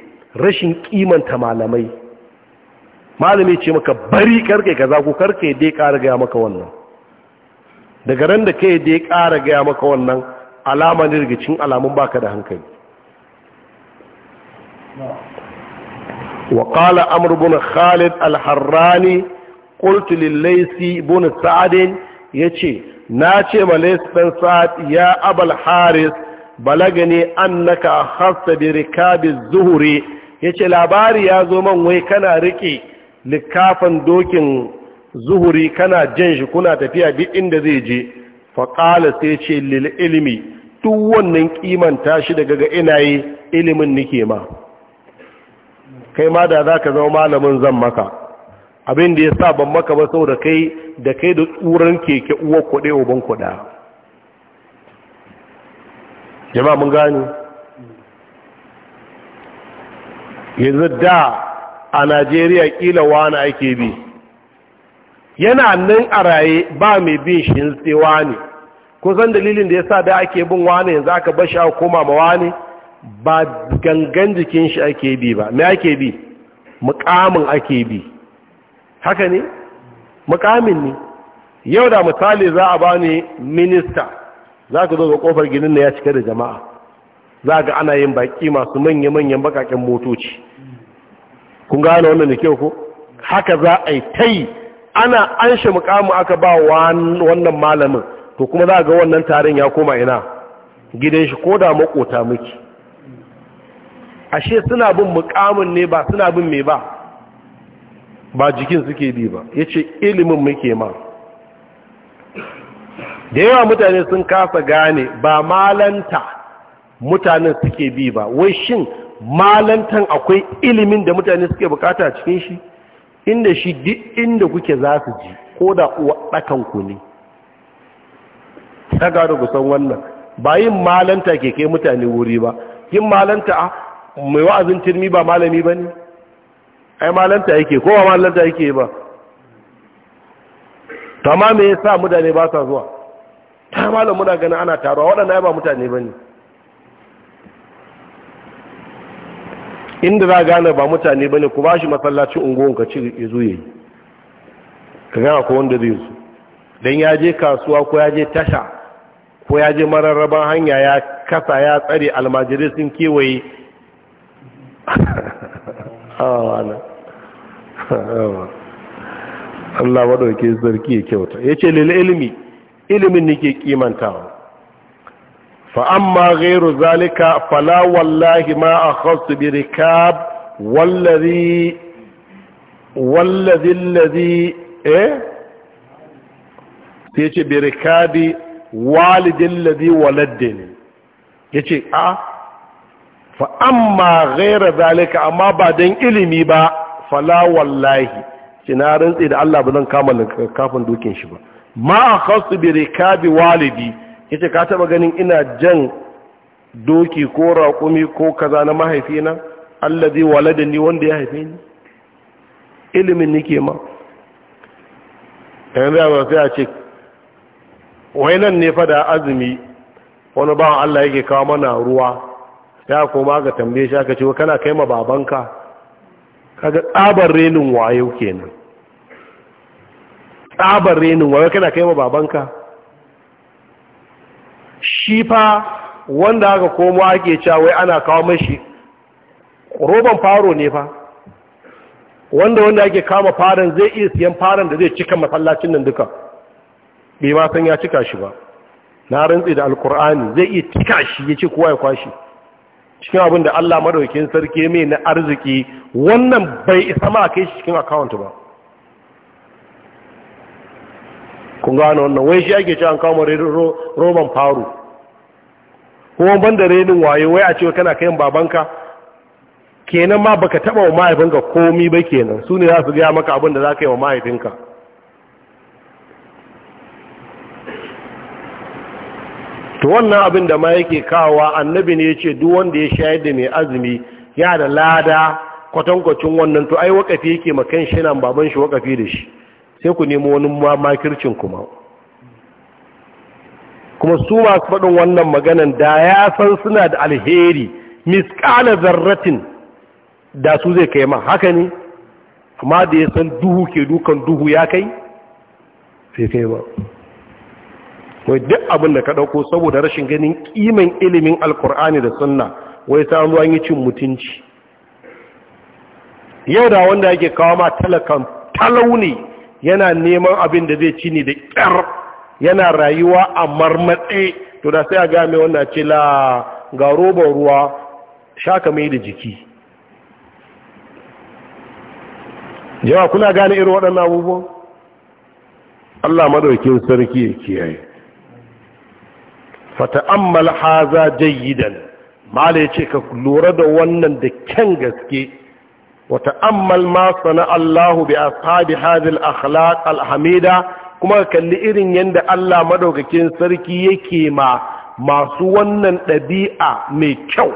rashin kimanta malamai malami ce maka bari karke kaza ko karke dai kara gaya maka wannan daga ran da kai dai kara gaya maka wannan alama ne daga alamun baka da hankali wa qala amr ibn khalid al-harrani qultu lil-laysi ibn yace na ce ma lays sa'd ya abul haris balagani annaka khassa bi rikabi az-zuhri ya ce labari ya zo man wai kana riƙe likafan dokin zuhuri kana jan shi kuna tafiya duk inda zai je faƙala sai ce lil ilimi duk wannan kimanta shi daga ga ina yi ilimin nike ma kai ma da za ka zama malamin zan maka abin da ya sa ban maka ba sau da kai da kai da tsuran keke uwa kuɗe uban kuɗa jama'a mun gani yanzu da a najeriya kila wani ake bi yana nan a raye ba mai bin shi sai wani kusan dalilin da ya sa da ake bin wani yanzu aka bashi a koma ma wani ba gangan jikin shi ake bi ba me ake bi mukamin ake bi haka ne mukamin ne yau da misali za a bani minista za ka zo ga kofar ginin na ya cika da jama'a za ga ana yin baki masu manya-manyan bakaken motoci kun gane wannan da kyau ko haka za a yi ta yi ana an shi mukamu aka ba wannan malamin to kuma za ga wannan tarin ya koma ina gidan shi ko da makota miki ashe suna bin mukamin ne ba suna bin me ba ba jikin suke bi ba ya ce ilimin muke ma da yawa mutane sun kasa gane ba malanta mutanen suke bi ba wai shin malantan akwai ilimin da mutane suke bukata cikin shi inda shi duk inda kuke za su ji ko da uwa ku ne Saga da kusan wannan ba yin malanta ke kai mutane wuri ba yin malanta a ah, mai wa'azin turmi ba malami ba ne ai malanta yake ko ba malanta yake ba ma me yasa mutane ba sa zuwa ta malam muna ganin ana taruwa waɗanda ba mutane ba ne inda za gane ba mutane bane ku ba shi masallacin unguwan ka ci ya zo yayi ka gana ko wanda zai zo dan ya je kasuwa ko ya je tasha ko ya je mararraban hanya ya kasa ya tsare almajirai sun kewaye Allah wadauke sarki ya kyauta ya ce lil ilimi ilimin nake kimantawa فأما غير ذلك فلا والله ما أخذت بركاب والذي والذي الذي إيه يجي بركاب والد الذي ولدني يجي آه فأما غير ذلك أما بعدين إلمي با فلا والله na إذا الله Allah كامل كافن دوكين kafin ما أخذت بركاب والدي yace ka taba ganin ina jan doki ko raƙumi ko kaza na mahaifina allazi waladani wanda ya haife ni ilimin nike ma yanzu ya sai a ce wai nan ne fa da azumi wani ba Allah yake kawo mana ruwa ya koma ga tambaye shi aka ce kana kai ma babanka kaga tsabar renin wayo kenan tsabar renin wayo kana kai ma babanka shi fa wanda aka komo ake cewa wai ana kawo mashi roban faro ne fa wanda wanda ake kama faran zai iya siyan faran da zai cika masallacin nan duka bai ma san ya cika shi ba na rantsi da alkur'ani zai iya cika shi ya ce kowa ya kwashi cikin abin da Allah madaukakin sarki mai na arziki wannan bai isa ma kai shi cikin account ba kun gano wannan wai shi ake ce an kawo roman faru kuma ban da renin waye wai a cewa kana kayan babanka kenan ma baka taba wa mahaifinka komi ba kenan su ne za su gaya maka abin da za ka yi wa mahaifinka to wannan abin da ma yake kawowa annabi ne ya ce duk wanda ya shayar da mai azumi ya da lada kwatankwacin wannan to ai wakafi yake makan shi nan baban shi wakafi da shi sai ku nemo wani makircin kuma kuma su masu faɗin wannan maganan da ya san suna da alheri miskala zarratin da su zai kai ma haka ne amma da ya san duhu ke dukan duhu ya kai sai kai ba wai duk abin da ka ɗauko saboda rashin ganin ƙiman ilimin alkur'ani da sunna wai sa zuwa yi cin mutunci yau da wanda yake kawo ma talakan talau ne yana neman abin da zai ci ne da ƙyar yana rayuwa a marmatse to da sai a game wannan ce la ga roban ruwa shaka mai da jiki yawa kuna gane irin waɗannan abubuwan Allah maɗaukin sarki ya kiyaye fata'ammal haza jayyidan ya ce ka lura da wannan da kyan gaske وتأمل ما صنع الله بأصحاب هذه الأخلاق alhamida kuma ka kalli irin yadda Allah madaukakin sarki yake ma masu wannan ɗabi'a mai kyau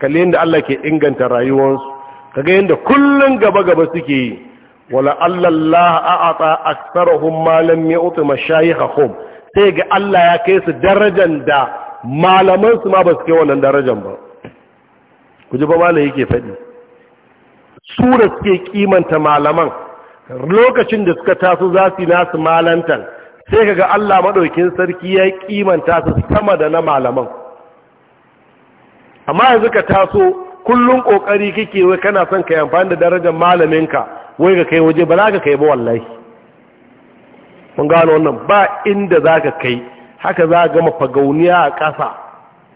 kalli yadda Allah ke inganta rayuwarsu kaga yadda kullun gaba-gaba suke yi wala Allah a'ata aktsarahum ma lam yu'ti mashayikhahum sai ga Allah ya kai su darajar da malaman ma basu kai wannan darajar ba ku ji ba malai yake faɗi sura suke kimanta malaman lokacin da suka taso za su nasu malantan sai kaga Allah maɗaukin sarki ya kimanta su sama da na malaman amma yanzu ka taso kullum ƙoƙari kake wai kana son ka amfani da darajar malaminka wai ka kai waje ba za ka kai ba wallahi mun gano wannan ba inda za ka kai haka za ka gama fagauniya a ƙasa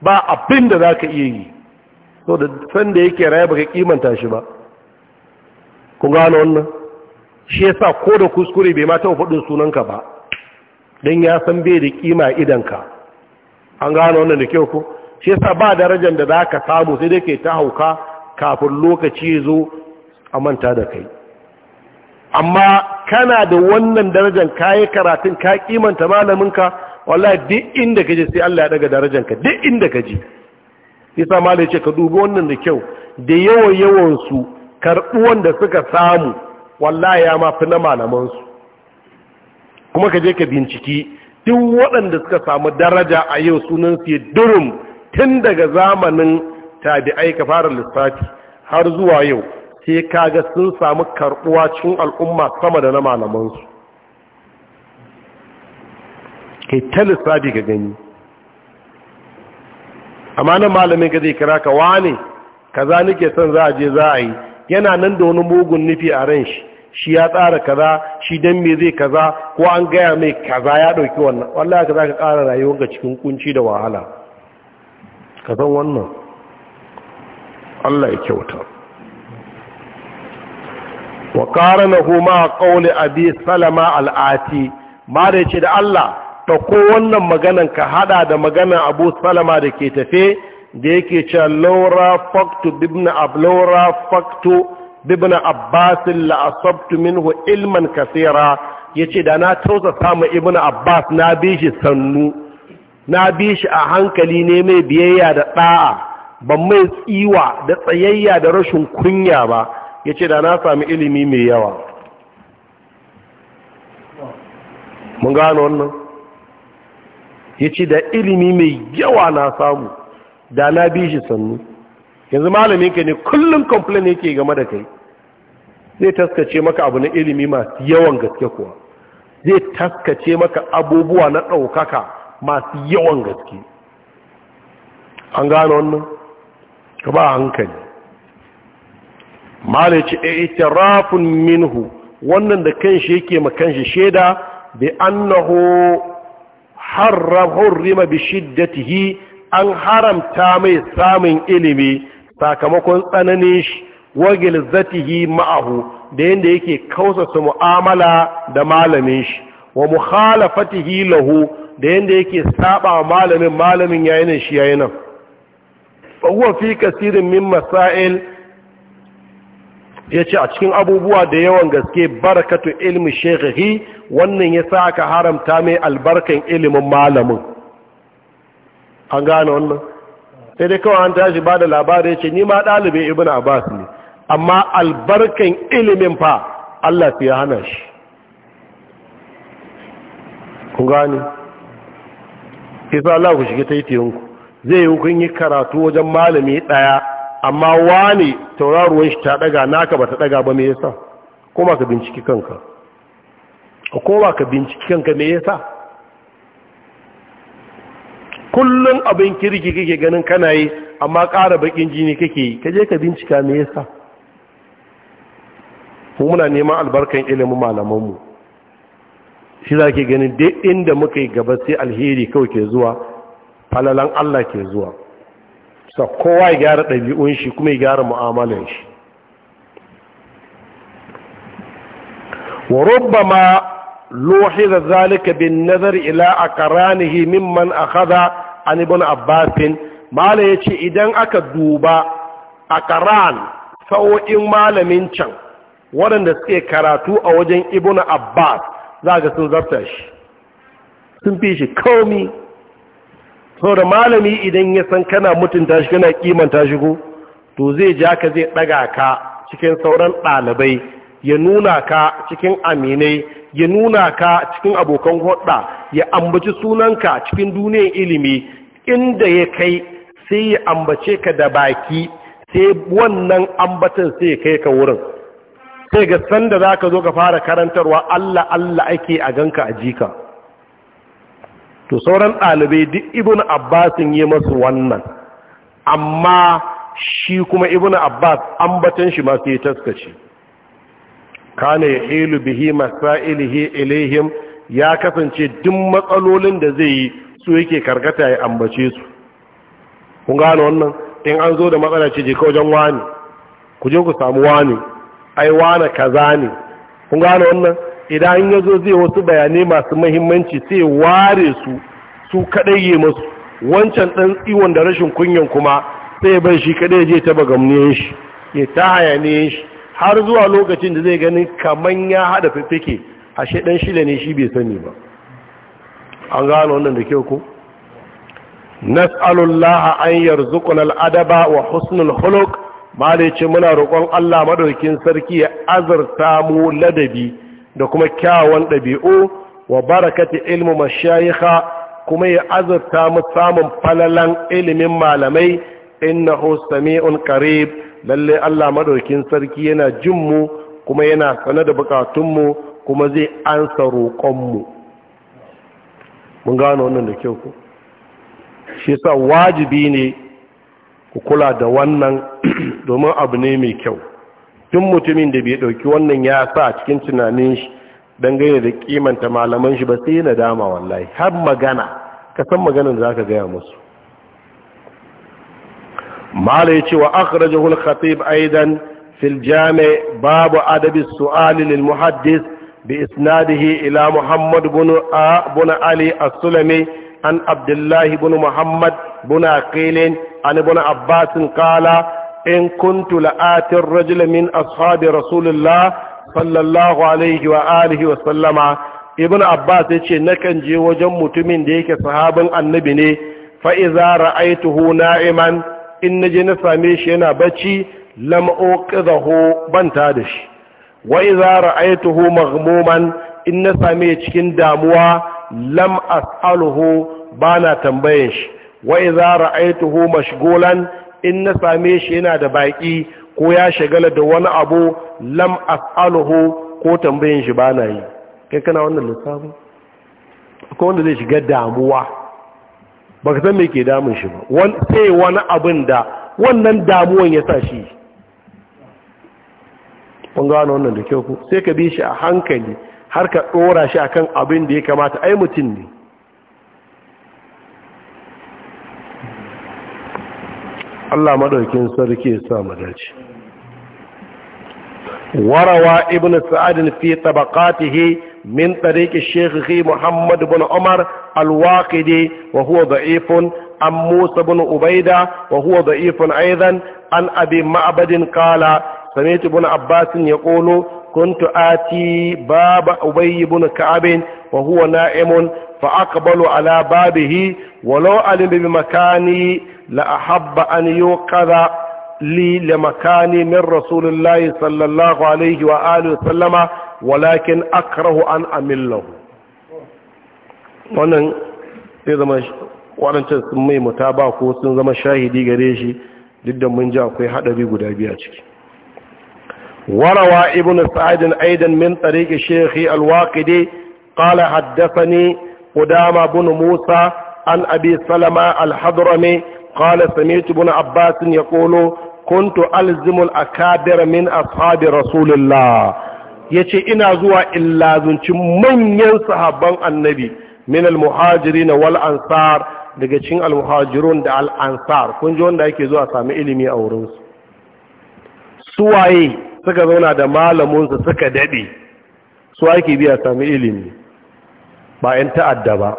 ba abin da za ka iya yi so da sanda da yake raya baka kimanta shi ba ku gano wannan shi yasa ko da kuskure bai ma taɓa faɗin sunanka ba don ya san bai da kima idanka an gano wannan da kyau ko shi yasa ba darajar da za ka samu sai dai ke ta hauka kafin lokaci ya zo a manta da kai amma kana da wannan darajar kayi karatun ka kimanta malaminka wallahi duk inda kaje sai Allah ya daga darajarka duk inda kaje yasa malai ce ka dubi wannan da kyau da yawan yawan su karɓuwan da suka samu wallaya ya fi na malamansu kuma ka je ka binciki duk waɗanda suka samu daraja a yau sunan su durum tun daga zamanin tabi'ai ka fara lissafi har zuwa yau sai kaga sun samu karɓuwa cikin al'umma sama da na malamansu kai ta lissafi ka gani amma nan malamin ka zai kira ka wane kaza nake son za a je za a yi yana nan da wani mugun nufi a ran shi shi ya tsara kaza shi dan me zai kaza ko an gaya mai kaza ya dauki wannan wallahi ka zaka ƙara ga cikin kunci da wahala ka san wannan Allah ya kyauta wa qaranahu ma qawli abi salama al-ati ma da yace da Allah ta ko wannan maganan ka hada da maganan abu salama da ke tafe da yake cewa laura faktu ibn ablaura faktu ibn abbas abbasin asabtu minhu ilman kaseera yace da na tausa samu ibn abbas na bi shi sannu na bi shi a hankali ne mai biyayya da da'a ban mai tsiwa da tsayayya da rashin kunya ba yace da na sami ilimi mai yawa mun gano wannan yace da ilimi mai yawa na samu da na bi shi sannu yanzu malamin ka ne kullum complain yake game da kai zai taskace maka abu na ilimi masu yawan gaske kuwa zai taskace maka abubuwa na ɗaukaka masu yawan gaske an gano wannan ka ba hankali malaci a eh, itirafin minhu wannan da kanshi yake makanshi shaida bi annahu harram hurrima bi shiddatihi an haramta mai samun ilimi sakamakon tsananin shi wagil zatihi ma'ahu da yadda yake kausasa mu'amala da malamin shi wa mu halafatihi lahu da yadda yake saba malamin malamin yayin shi yayin nan fa fi kasirin min masail ce a cikin abubuwa da yawan gaske barakatu ilmi shekhi wannan ya sa aka haramta mai albarkan ilimin malamin an gane wannan sai dai kawai an tashi ba da labari ya ce ni ma ɗalibin ibn abbas ne amma albarkan ilimin fa allah fi ya hana shi ku gane isa allah ku shiga taitiyinku zai yi kun yi karatu wajen malami ɗaya amma wani tauraruwan shi ta ɗaga naka ba ta ɗaga ba me yasa ko ba ka binciki kanka ko ba ka binciki kanka me yasa kullum abin kirki kake ganin kana yi amma ƙara baƙin jini kake yi kaje ka bincika me yasa ko muna neman albarkan ilimin malamanmu shi za ke ganin duk inda muka yi gaba sai alheri kawai ke zuwa falalan Allah ke zuwa sa kowa ya gyara ɗabi'un shi kuma ya gyara mu'amalan shi wa rubbama da zalika bin nazar ila aqranihi mimman akhadha an ibn abbasin mala ya ce idan aka duba a karan sa'o'in malamin can waɗanda suke karatu a wajen ibn abbas za ga sun zarta shi sun fi shi kaumi sau da malami idan ya san kana mutunta shi kana kimanta shi ko to zai ja ka zai ɗaga ka cikin sauran ɗalibai ya nuna ka cikin aminai ya nuna ka cikin abokan hudda ya ambaci sunanka cikin duniyar ilimi inda ya kai sai ya ambace ka da baki sai wannan ambatan sai ya kai ka wurin sai ga sanda za ka zo ka fara karantarwa Allah Allah ake a ganka a jika to sauran ɗalibai duk ibn abbasin yi masu wannan amma shi kuma ibn abbas ambatan shi masu ya taskace kana ya hilu bihi masailihi ilaihim ya kasance duk matsalolin da zai yi su yake karkata ya ambace su kun gane wannan in an zo da matsala ce je kawajen wani ku je ku samu wani ai wani kaza ne kun gane wannan idan ya zo zai wasu bayanai masu mahimmanci sai ware su su kadai yi masu wancan dan tsiwon da rashin kunyan kuma sai bai shi kadai je ta bagamniyan shi ya ta hayaniyan shi har zuwa lokacin da zai gani kamar ya haɗa fiffike ashe shaɗan shida ne shi bai sani ba an gano wannan da kyau ko nas'alullaha an yar al-adaba wa husnul khuluq malice muna roƙon Allah madaukakin sarki ya azarta mu ladabi da kuma kyawawan ɗabi'u wa barakati ilmu mashayikha kuma ya azarta mu samun falalan ilimin malamai innahu sami'un qarib lalle Allah madaukin sarki yana jin mu kuma yana sanar da bukatun mu kuma zai ansa roƙonmu mun gano wannan da kyau ku shi sa wajibi ne ku kula da wannan domin abu ne mai kyau tun mutumin da bai ɗauki wannan ya sa cikin tunanin shi dangane da kimanta malaman shi ba sai na dama wallahi har magana ka san maganar da za ka gaya musu mala yace wa akhrajahu al-khatib aidan fil jami' babu adab as-su'al lil muhaddis bi isnadihi ila muhammad ibn ali as-sulami an Abdullahi ibn muhammad ibn aqil an ibn abbas qala in kuntu la'ati ar-rajul min ashabi rasulillah sallallahu alaihi wa alihi wa sallama ibn abbas yace nakan je wajen mutumin da yake sahabin annabi ne fa iza ra'aituhu na'iman in naje na same shi yana bacci lam uqidahu banta da shi wa idza ra'aytuhu maghmuman in na same shi cikin damuwa lam as'aluhu bana tambayen shi wa idza ra'aytuhu mashghulan in na same shi yana da baki ko ya shagala da wani abu lam as'aluhu ko tambayen shi bana yi kai kana wannan lissafin ko wanda zai shiga damuwa ba ka san me ke damun shi ba sai wani abin da wannan damuwan ya sa shi kun gano wannan da kyau sai ka bi shi a hankali har ka tsora shi akan abin da ya kamata ai mutum ne Allah madaukin sarki ya sa mu dace warawa ibnu sa'ad fi tabaqatihi من طريق الشيخ محمد بن عمر الواقدي وهو ضعيف عن موسى بن عبيدة وهو ضعيف أيضا عن أبي معبد قال سمعت بن عباس يقول كنت آتي باب أبي بن كعب وهو نائم فأقبل على بابه ولو علم بمكاني لأحب أن يوقظ لي لمكاني من رسول الله صلى الله عليه وآله وسلم walakin akrahu an amillahu wannan sai zama waɗancan sun mai muta ba ko sun zama shahidi gare shi duk da mun ji akwai haɗari guda biya ciki warawa ibn sa'idin aidan min tsariki shekhi alwaƙide ƙala haddasa ne ƙudama bin musa an abi salama alhadrami ƙala samitu bin abbasin ya ƙolo kuntu alzimul akabir min ashabi rasulullah ya ce ina zuwa in lazunci manyan sahabban annabi min almuhajiri na wal ansar daga cin almuhajirun da al'ansar kun ji wanda ake zuwa sami ilimi a wurinsu suwaye suka zauna da malamunsa suka daɗe su ake biya sami ilimi ba ‘yan ta'adda ba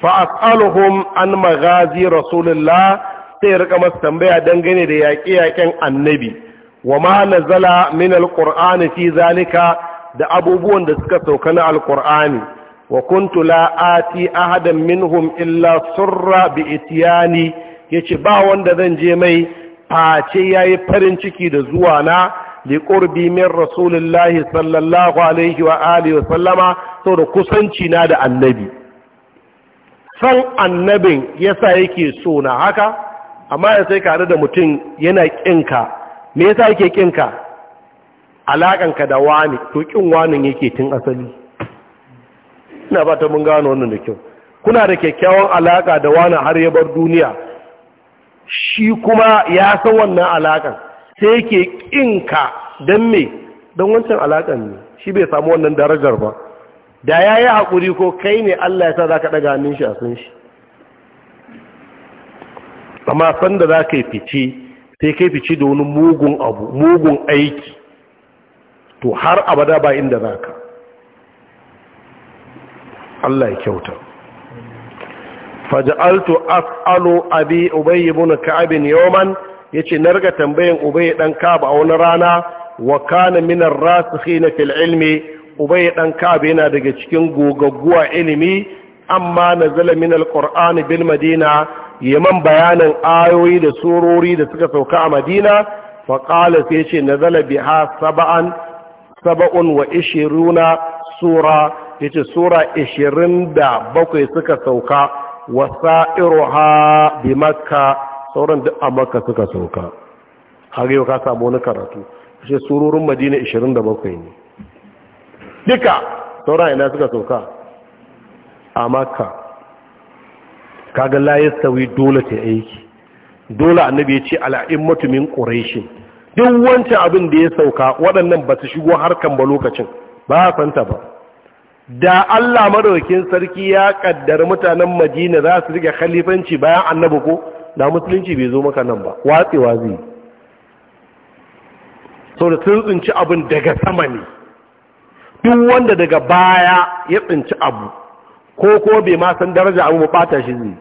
fa'as'aluhum an magazi rasulullah sai rika masu tambaya dangane da yaƙe-yaƙen annabi wa ma nazala min alqur'ani fi zalika da abubuwan da suka sauka na alqur'ani wa kuntu la ati ahadan minhum illa surra bi itiyani yace ba wanda zan je mai face yayi farin ciki da zuwa na li qurbi min rasulillahi sallallahu alaihi wa alihi wa sallama saboda kusanci na da annabi san annabin yasa yake so na haka amma sai ka da mutum yana ƙinka me yasa yake kinka alakanka da wani to kin wani yake tun asali ina ba ta mun gano wannan da kyau kuna da kyakkyawan alaka da wani har ya bar duniya shi kuma ya san wannan alakan sai yake kinka don me dan wancan alakan ne shi bai samu wannan darajar ba da ya yi haƙuri ko kai ne Allah ya sa za ka ɗaga hannun shi a sun shi amma sanda za ka yi fice sai kai fice da wani mugun abu mugun aiki to har abada ba inda za ka Allah ya kyauta faja'altu as'alu abi ubayy ibn ka'ab yawman yace narga tambayan ubayy dan ka'ab a wani rana wa kana min ar-rasikhin fil ilmi ubayy dan ka'ab yana daga cikin gogagguwa ilimi amma nazala min al-qur'ani bil madina yaman bayanin ayoyi da surori da suka sauka a madina faƙala sai ce na zala biha saba'an saba'un wa ishiruna sura ya ce sura ishirin da bakwai suka sauka wa ha bi makka sauran duk a makka suka sauka har yau ka samu wani karatu shi surorin madina ishirin da bakwai ne duka sauran ina suka sauka a makka kaga la yastawi dole ta aiki dole annabi ya ce alain min quraish duk wancan abin da ya sauka waɗannan ba su shigo harkan ba lokacin ba a santa ba da Allah madaukakin sarki ya ƙaddar mutanen Madina za su rike khalifanci bayan annabi ko da musulunci bai zo maka nan ba watsewa zai so da sun tsinci abin daga sama ne duk wanda daga baya ya tsinci abu ko ko bai ma san daraja abu ba bata shi zai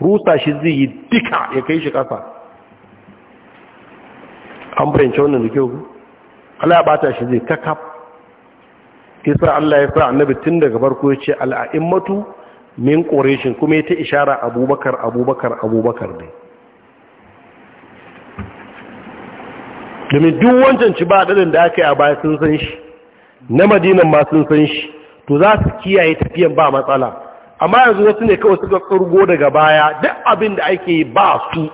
rusa shi zai yi duka ya kai shi ƙasa an fahimci wannan da kyau Ala ya bata shi zai kakaf isa Allah ya sa annabi tun daga farko ya ce al'a'immatu min quraishin kuma ya ta ishara abubakar abubakar abubakar ne domin duk wancan ci ba ɗadin da aka yi a baya sun san shi na madinan ma sun san shi to za su kiyaye tafiyan ba matsala amma yanzu wasu ne kawai suka tsirgo daga baya duk abin da ake yi ba su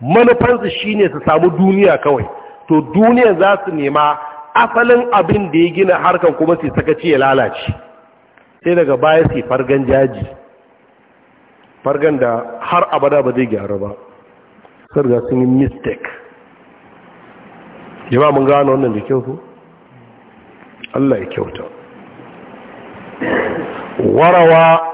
manufansu shine su samu duniya kawai to duniya za su nema asalin abin da ya gina harkar kuma sai sakaci ya lalace sai daga baya sai fargan jaji fargan da har abada ba zai gyara ba sarga sun yi mistake yaba mun gano wannan da kyau ku Allah ya kyauta warawa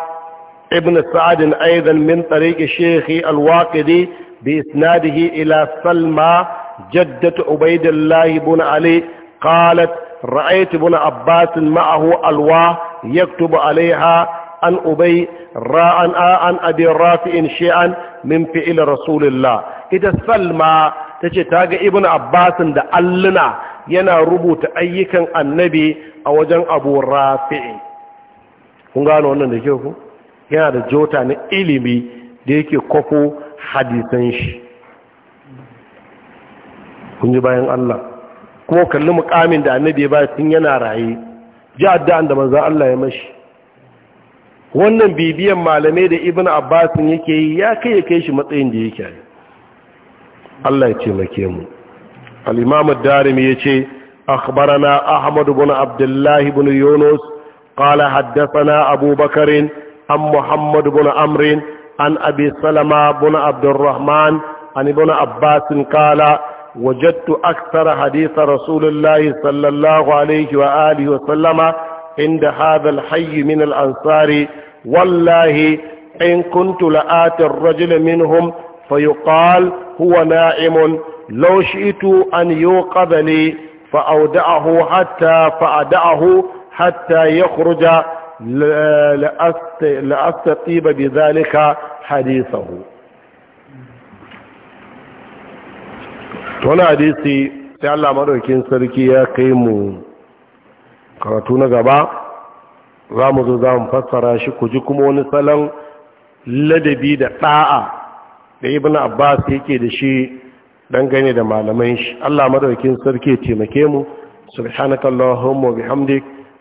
ابن سعد أيضا من طريق الشيخ الواقدي بإسناده إلى سلمى جدة عبيد الله بن علي قالت رأيت ابن عباس معه ألواه يكتب عليها أن أبي راء عن أبي رافع شيئا من فعل رسول الله إذا سلمى تجي تاج ابن عباس da alluna yana rubuta ayyukan annabi a wajen abu rafi'i kun gano wannan da ke ku yana da jota na ilimi da yake kwafo hadisan shi kun ji bayan Allah kuma kalli mukamin da annabi ya bayar tun yana raye ji addu'an da manzon Allah ya mashi wannan bibiyan malamai da ibn abbasin yake yi ya kai ya kai shi matsayin da yake yi Allah ya ce make mu al-imam ad-darimi yace akhbarana ahmad ibn abdullah ibn yunus qala haddathana abubakar عن محمد بن عمرو عن أبي سلمة بن عبد الرحمن عن ابن عباس قال وجدت أكثر حديث رسول الله صلى الله عليه وآله وسلم عند هذا الحي من الأنصار والله إن كنت لآتي الرجل منهم فيقال هو نائم لو شئت أن يوقظني فأودعه حتى فأدعه حتى يخرج la'astatiba bi zalika hadisahu tona hadisi sai Allah madaukin sarki ya kai mu karatu na gaba za mu zo za mu fassara shi ku ji kuma wani salon ladabi da ɗa'a da ibn abbas yake da shi dangane da malaman shi Allah madaukin sarki ya taimake mu subhanakallahumma bihamdika